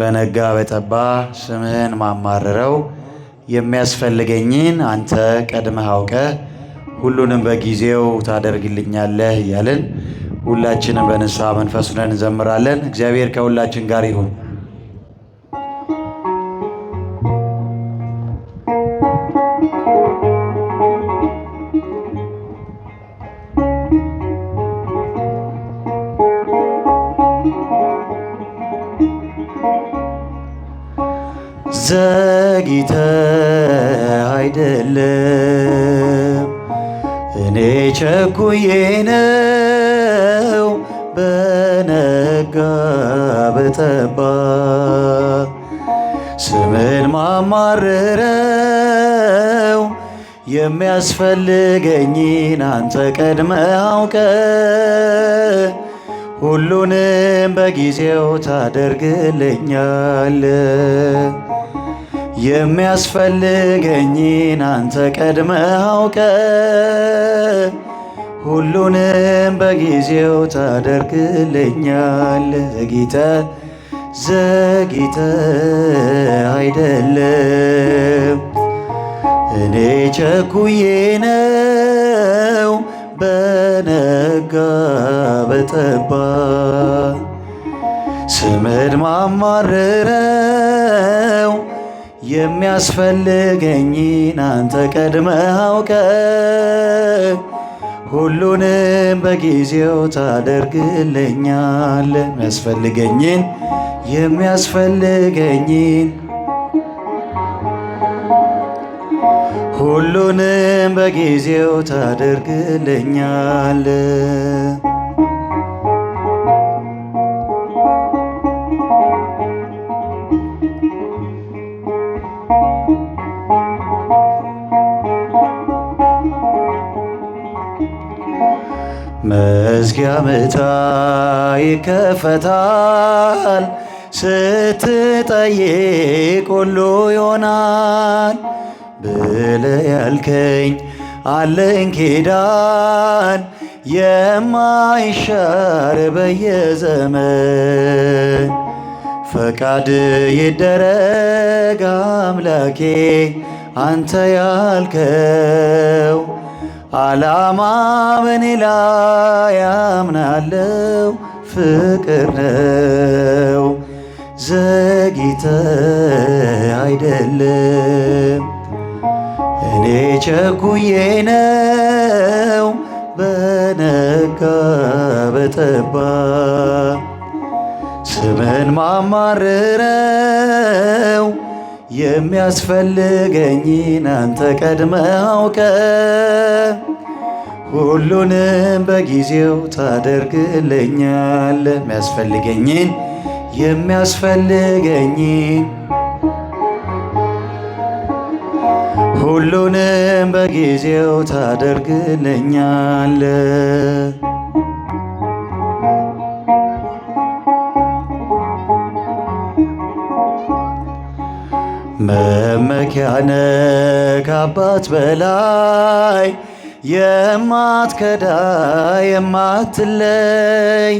በነጋ በጠባ ስምህን ማማርረው የሚያስፈልገኝን አንተ ቀድመህ አውቀህ ሁሉንም በጊዜው ታደርግልኛለህ እያልን ሁላችንም በንስሐ መንፈስ ሆነን እንዘምራለን። እግዚአብሔር ከሁላችን ጋር ይሁን። እኩዬ ነው በነጋ በጠባ ስምን ማማርረው የሚያስፈልገኝን አንተ ቀድመ አውቀ ሁሉንም በጊዜው ታደርግልኛል። የሚያስፈልገኝን አንተ ቀድመ አውቀ ሁሉንም በጊዜው ታደርግልኛል። ዘግይተ ዘግይተ አይደለም እኔ ቸኩዬ ነው። በነጋ በጠባ ስምድ ማማረረው የሚያስፈልገኝን አንተ ቀድመህ አውቀህ ሁሉንም በጊዜው ታደርግልኛል። የሚያስፈልገኝን የሚያስፈልገኝን ሁሉንም በጊዜው ታደርግልኛል። ያመታ ይከፈታል ስትጠይቅ ሁሉ ይሆናል ብለ ያልከኝ አለኝ ኪዳን የማይሻር በየዘመን ፈቃድ ይደረግ አምላኬ አንተ ያልከው አላማ በኔ ላይ ያምናለው ፍቅር ነው ዘግይተ አይደለም እኔ ቸኩዬ ነው በነጋ በጠባ ስምን ማማርረው የሚያስፈልገኝን አንተ ቀድመ አውቀ ሁሉንም በጊዜው ታደርግልኛል። የሚያስፈልገኝን የሚያስፈልገኝን ሁሉንም በጊዜው ታደርግልኛል። መመኪያነ ከአባት በላይ የማትከዳ የማትለይ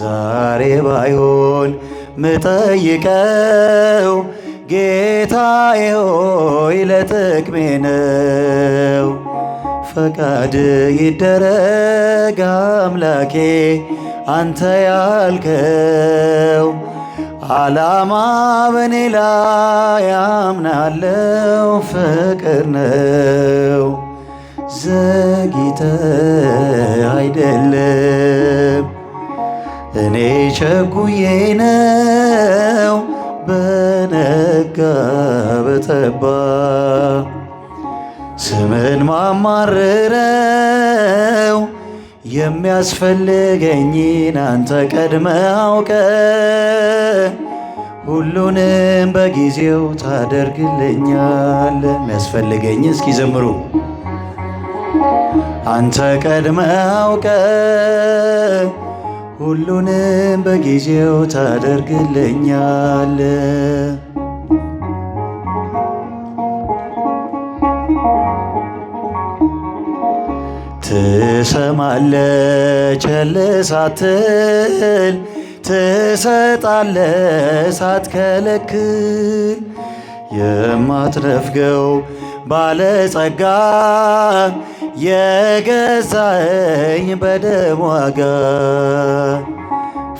ዛሬ ባይሆን ምጠይቀው ጌታዬ ሆይ ለጥቅሜ ነው። ፈቃድ ይደረግ አምላኬ አንተ ያልከው አላማ በኔ ላይ ያምናለው ፍቅር ነው ዘግይተ አይደለም እኔ ቸጉዬ ነው በነጋ በተባ ስምን ማማርረው የሚያስፈልገኝን አንተ ቀድመ አውቀ ሁሉንም በጊዜው ታደርግልኛል። የሚያስፈልገኝ እስኪ ዘምሩ። አንተ ቀድመ አውቀ ሁሉንም በጊዜው ታደርግልኛል ትሰማለች ሳትል ትሰጣለ ሳትከለክል የማትነፍገው ባለጸጋ የገዛኝ በደም ዋጋ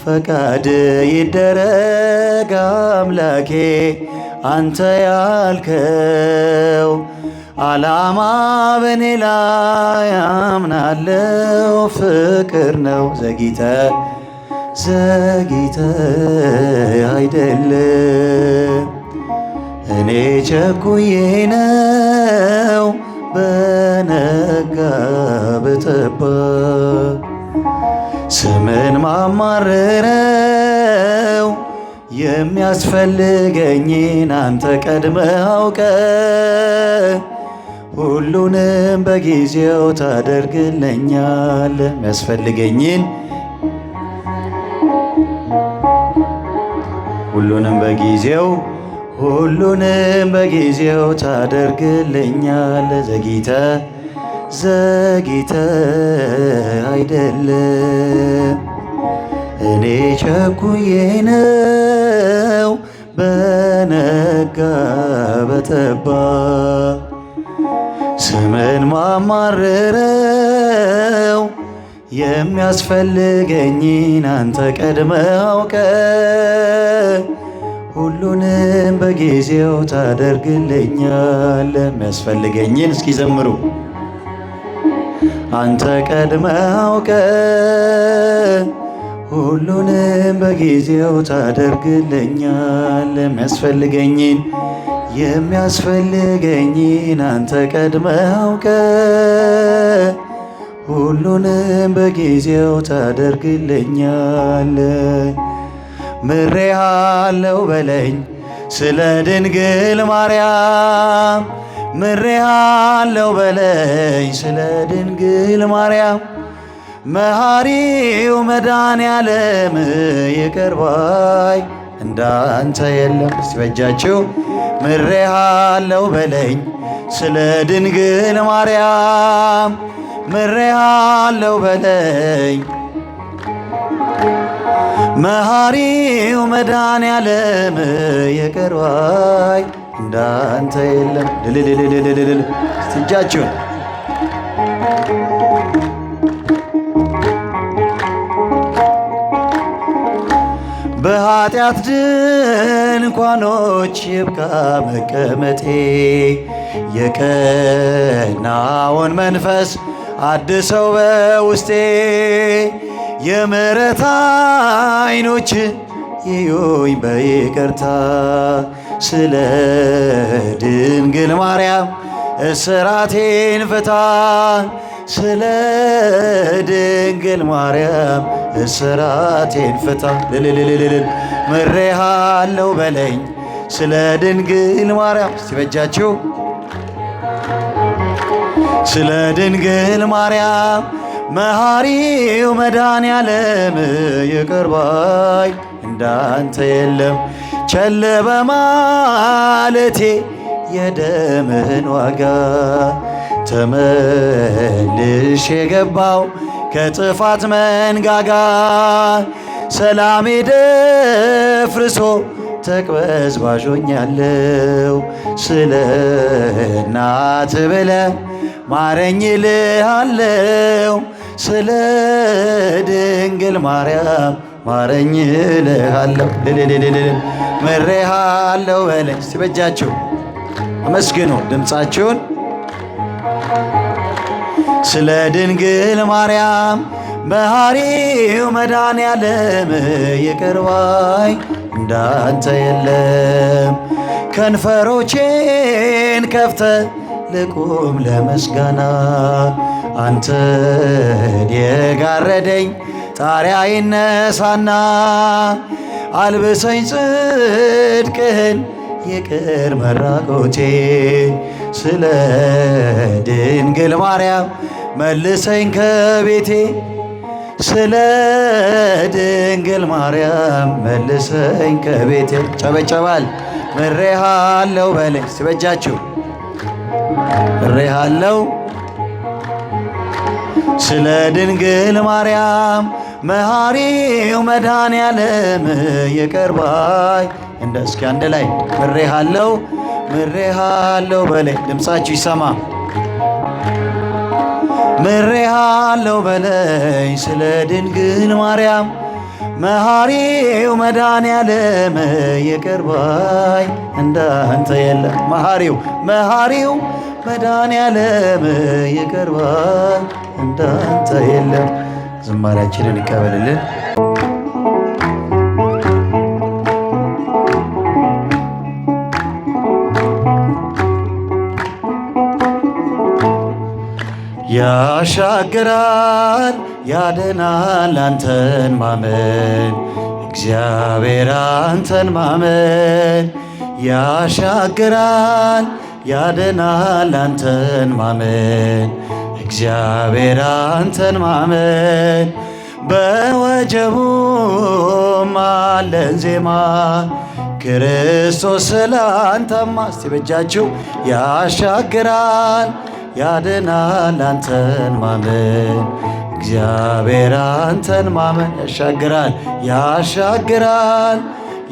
ፈቃድ ይደረግ አምላኬ አንተ ያልከው አላማ በኔ ላይ አምናለው ፍቅር ነው ዘጊተ ዘጊተ አይደለም እኔ ቸኩዬ ነው በነጋ በጠባ ስምን ማማረረው የሚያስፈልገኝን አንተ ቀድመ አውቀ ሁሉንም በጊዜው ታደርግልኛል የሚያስፈልገኝን ሁሉንም በጊዜው ሁሉንም በጊዜው ታደርግልኛል ዘግይተ ዘግይተ አይደለም እኔ ቸኩዬ ነው በነጋ በተባ ከምን ማማርረው የሚያስፈልገኝን አንተ ቀድመ አውቀ ሁሉንም በጊዜው ታደርግልኛል። የሚያስፈልገኝን እስኪ ዘምሩ። አንተ ቀድመ አውቀ ሁሉንም በጊዜው ታደርግልኛል። ለሚያስፈልገኝን የሚያስፈልገኝን አንተ ቀድመውቀ ሁሉንም በጊዜው ታደርግልኛል። ምሬሃለው በለኝ ስለ ድንግል ማርያም ምሬሃለው በለኝ ስለ ድንግል ማርያም መሐሪው መዳን ያለም ይቅር ባይ እንዳንተ የለም። ሲበጃችሁ ምሬሃለው በለኝ ስለ ድንግል ማርያም ምሬሃለው በለኝ መሐሪው መዳን ያለም ይቅር ባይ እንዳንተ የለም። ልልልልልልልል በኃጢአት ድንኳኖች ይብቃ መቀመጤ የቀናውን መንፈስ አድሰው በውስጤ የምሕረት ዓይኖች ይዩኝ በይቅርታ ስለ ድንግል ማርያም እስራቴን ፍታ ስለ ድንግል ማርያም እስራቴን ፍታ ልልልልልል ምሬሃለው በለኝ ስለ ድንግል ማርያም ሲበጃችሁ ስለ ድንግል ማርያም መሐሪው መዳን ያለም ይቅርባይ እንዳንተ የለም ቸል በማለቴ የደምህን ዋጋ ተመልሼ የገባው ከጥፋት መንጋጋ ሰላሜ ደፍርሶ ተቅበዝባዦኛለው ስለ እናት ብለ ማረኝ ልሃለው ስለ ድንግል ማርያም ማረኝ ልሃለው ምሬሃለው በለ ሲበጃችሁ አመስግኑ ድምፃችሁን ስለ ድንግል ማርያም መሐሪው መዳን ያለም ይቅር እንዳንተ የለም። ከንፈሮቼን ከፍተ ልቁም ለመስጋና አንተ የጋረደኝ ጣሪያ ይነሳና አልብሰኝ ጽድቅህን ይቅር መራቆቴ ስለ ድንግል ማርያም መልሰኝ ከቤቴ ስለ ድንግል ማርያም መልሰኝ ከቤቴ። ጨበጨባል ምሬሃለው በለ ሲበጃችሁ ምሬሃለው ስለ ድንግል ማርያም መሐሪው መድኃኔ ዓለም ይቅር ባይ እንደ እስኪ አንድ ላይ ምሬሃለው ምሬሃለው በለኝ ድምፃችሁ ይሰማ። ምሬሃለው በለኝ ስለ ድንግል ማርያም መሐሪው መዳን ያለም የቀርባይ እንዳንተ የለም። መሐሪው መሐሪው መዳን ያለም የቀርባይ እንዳንተ የለም። ዝማሪያችንን ይቀበልልን። ያሻግራል ያድናል አንተን ማመን እግዚአብሔር አንተን ማመን ያሻግራል ያድናል አንተን ማመን እግዚአብሔር አንተን ማመን በወጀቡ አለን ዜማ ክርስቶስ ስለ ያሻግራል ያድናል አንተን ማመን እግዚአብሔር አንተን ማመን ያሻግራል ያሻግራል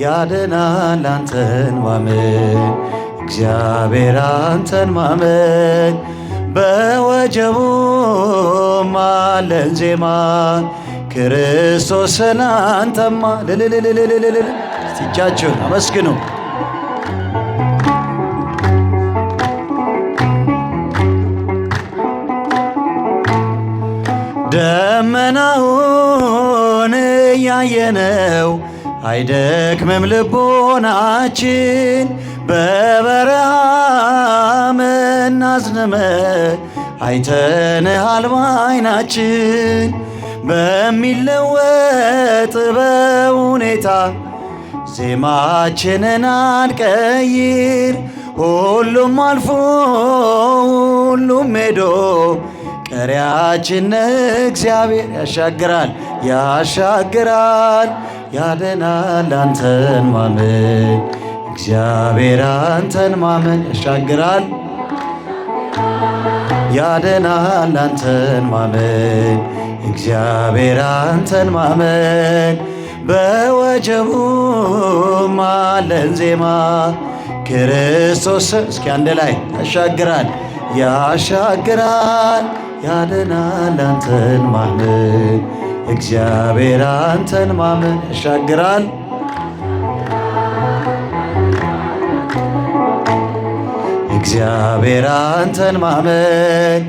ያድናል አንተን ማመን እግዚአብሔር አንተን ማመን በወጀቡ ማለን ዜማ ክርስቶስን አንተማ ልልልልልልልል እጃችሁን አመስግኑ። ደመናውን እያየነው አይደክምም ልቦናችን በበረሃ አይተን አይተንሃል ባይናችን በሚለወጥ በሁኔታ ዜማችንን አንቀይር ሁሉም አልፎ ሁሉም ሄዶ መሪያችን እግዚአብሔር ያሻግራል ያሻግራል ያደናል አንተን ማመን እግዚአብሔር አንተን ማመን ያሻግራል ያደናል አንተን ማመን እግዚአብሔር አንተን ማመን በወጀቡ ማለን ዜማ ክርስቶስ እስኪ አንድ ላይ ያሻግራል ያሻግራል ያድናል አንተን ማመን እግዚአብሔር አንተን ማመን ያሻግራል። እግዚአብሔር አንተን ማመን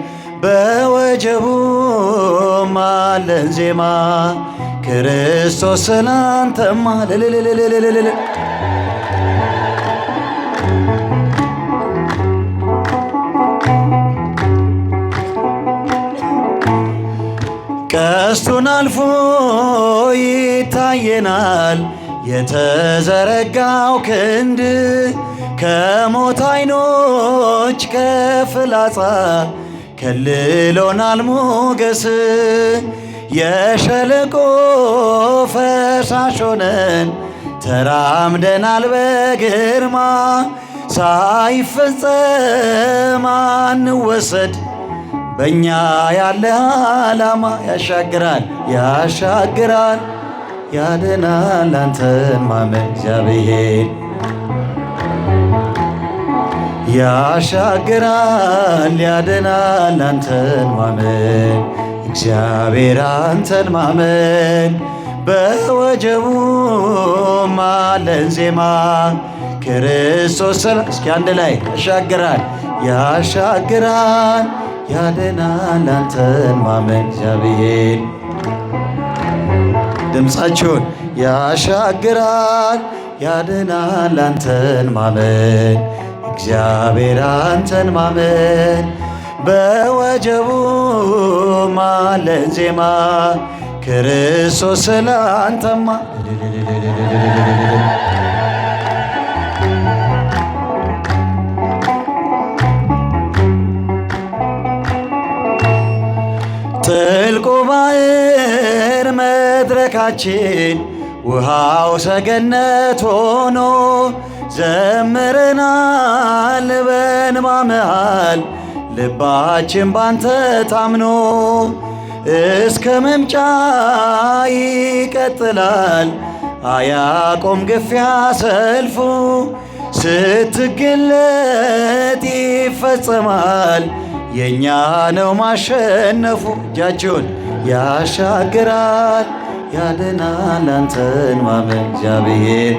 በወጀቡ ማለን ዜማ ክርስቶስን አንተማ ቀስቱን አልፎ ይታየናል የተዘረጋው ክንድ ከሞት አይኖች ከፍላጻ ከልሎናል ሞገስ የሸለቆ ፈሳሽ ሆነን ተራምደናል በግርማ ሳይፈጸም አንወሰድ በእኛ ያለ ዓላማ ያሻግራል ያሻግራል ያድናል አንተን ማመን እግዚአብሔር ያሻግራል ያድናል አንተን ማመን እግዚአብሔር አንተን ማመን በወጀቡ ማለን ዜማ ክርስቶስ ስራ እስኪ አንድ ላይ ያሻግራል ያሻግራል ያደናል አንተን ማመን እግዚአብሔር ድምፃቸውን ያሻግራል ያድናል አንተን ማመን እግዚአብሔር አንተን ማመን በወጀቡ ማለ ዜማ ክርስቶስ ስለ አንተማ ጥልቁ ባህር መድረካችን ውሃው ሰገነት ሆኖ ዘምረናል በእንባ መሃል ልባችን ባንተ ታምኖ እስከ መምጫ ይቀጥላል አያቆም ግፊያ ሰልፉ ስትገለጥ ይፈጸማል። የእኛ ነው ማሸነፉ እጃችሁን ያሻግራል ያድናል አንተን ማመን እግዚአብሔር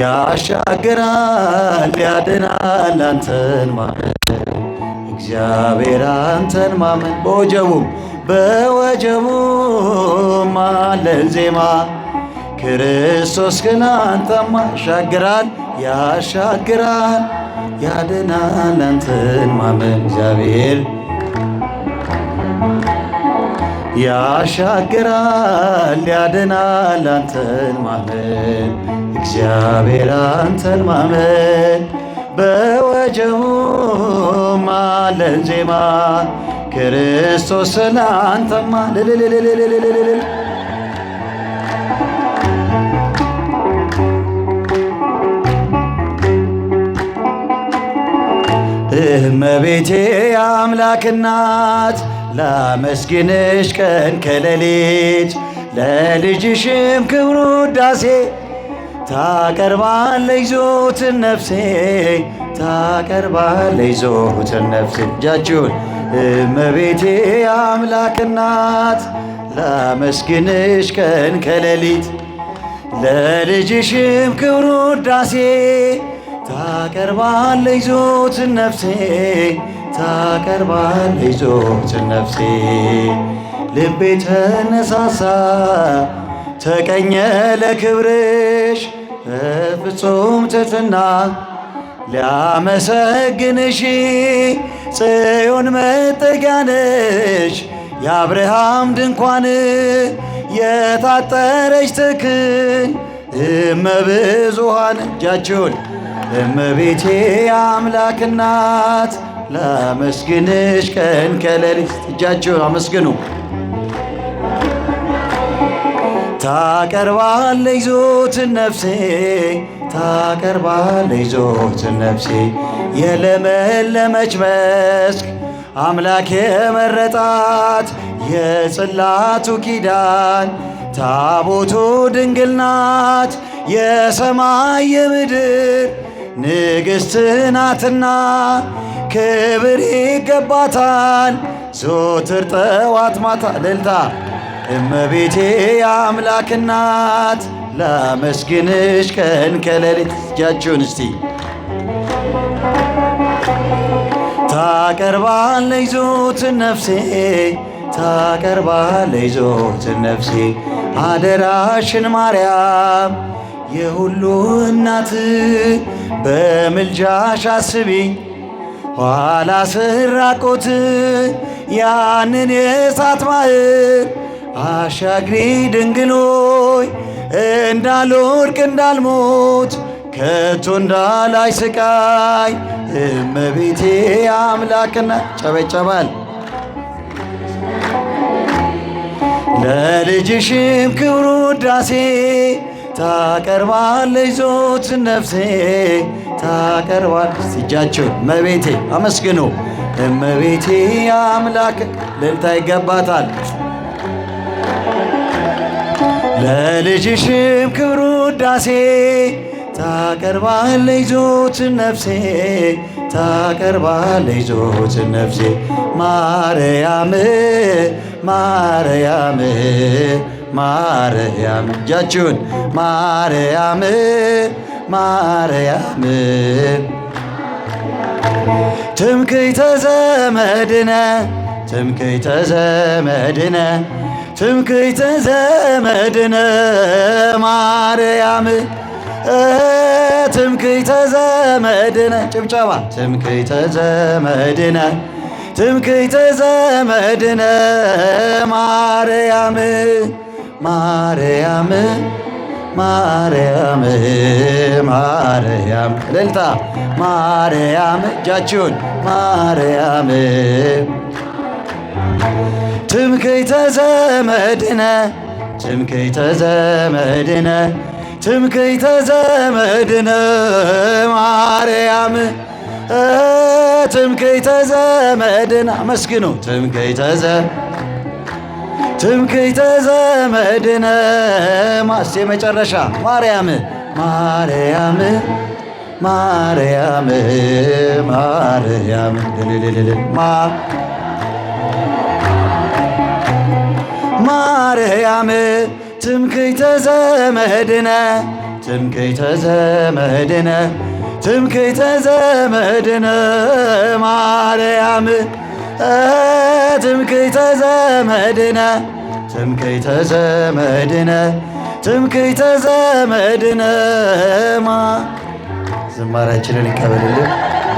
ያሻግራል ያድናል አንተን ማመን እግዚአብሔር አንተን ማመን በወጀቡም በወጀቡም አለን ዜማ ክርስቶስ ግን አንተማ ያሻግራል ያሻግራል ያድናል አንተን ማመን እግዚአብሔር ያሻግራል ያድናል አንተን ማመን እግዚአብሔር አንተን ማመን በወጀቡ ማለን ዜማ ክርስቶስ ስለ አንተማ እመቤቴ አምላክ እናት ላመስግንሽ ቀን ከሌሊት ለልጅሽም ክብሩ ውዳሴ ታቀርባለች ዞትን ነፍሴ ታቀርባለች ዞትን ነፍሴ እጃችሁን እመቤቴ አምላክ እናት ላመስግንሽ ቀን ከሌሊት ለልጅሽም ክብሩ ውዳሴ ታቀርባለች ዞትን ነፍሴ ታቀርባለች ዞትን ነፍሴ ልቤ ተነሳሳ ተቀኘ ለክብርሽ ፍጹም ትትና ሊያመሰግንሽ ጽዮን መጠጊያ ነሽ የአብርሃም ድንኳን የታጠረች ትክን እመብዙሃን እጃችሁን እመቤቴ አምላክ እናት ላመስግንሽ ቀን ከሌሊት እጃችሁ አመስግኑ። ታቀርባለች ዞትን ነፍሴ ታቀርባለች ዞትን ነፍሴ የለመለመች መስክ አምላክ የመረጣት የጽላቱ ኪዳን ታቦቱ ድንግልናት የሰማይ የምድር ንግሥት ናትና ክብር ይገባታል ዞትር ጠዋት ማታ ልልታ እመቤቴ የአምላክ እናት ላመስግንሽ ቀን ከሌሊት እጃችሁን እስቲ ታቀርባለች ዞትን ነፍሴ ታቀርባለች ዞትን ነፍሴ አደራሽን ማርያም የሁሉ እናት በምልጃሽ አስቢኝ ኋላ ስራቆት ያንን የእሳት ባህር አሻግሪ ድንግሎይ እንዳልወድቅ እንዳልሞት ከቶ እንዳላይ ስቃይ እመቤቴ አምላክና ጨበጨባል ለልጅሽም ክብሩ ዳሴ ታቀርባለች ዞት ነፍሴ ታቀርባለች እጃቸው እመቤቴ አመስግኑ እመቤቴ አምላክ ልልታ ይገባታል። ለልጅሽም ክብሩ ዳሴ ታቀርባለች ዞት ነፍሴ ታቀርባለች ዞት ነፍሴ ማርያም ማርያም ማርያም እጃችሁን ማርያም ማርያም ትምክይተ ዘመድነ ትምክይተ ዘመድነ ትምክይተ ዘመድነ ማርያም ትምክይተ ዘመድነ ጭብጨባ ትምክይተ ዘመድነ ትምክይተ ዘመድነ ማርያም ማርያም ማርያም ማርያም እልልታ ማርያም እጃችሁን ማርያም ትምክህተ ዘመድነ ትምክህተ ዘመድነ ትምክህተ ዘመድነ ማርያም ትምክህተ ዘመድነ አመስግኑ ትምክህተ ዘ ትምክህተ ዘመድነ ማስ የመጨረሻ ማርያም ማርያም ማርያም ማርያም ማርያም ትምክህተ ዘመድነ ትምክህተ ዘመድነ ትምክህተ ዘመድነ ማርያም ትምክህተ ዘመድነ ትምክህተ ዘመድነ ትምክህተ ዘመድነማ ዝማሬያችንን ይቀበልልን።